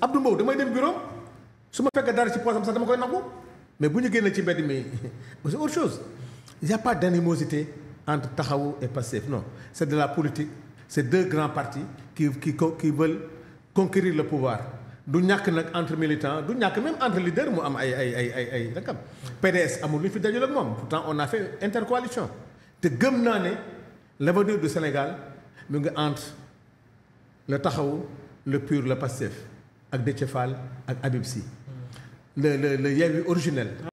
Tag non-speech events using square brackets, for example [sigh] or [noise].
Abdou Mbow damay dem bureau su ma fekkee dara ci poosam sax dama koy nangu mais bu ñu génnee ci mbedd mi [laughs] c'est autre chose il y a pas d'animosité entre Taxawu et Pastef non c'est de la politique c'est deux grands partis qui qui qui veulent conquérir le pouvoir du ñàkk nag entre militants du ñàkk même entre leaders mu am ay ay ay ay ay rakam PDS amul lu ñu fi dajul ak moom pourtant on a fait intercoalition te gëm naa ne l'avenir du Sénégal mu ngi entre le Taxawu le PUR le Pastef ak Déthié Fall ak Habib Sy le le le Yewwi originel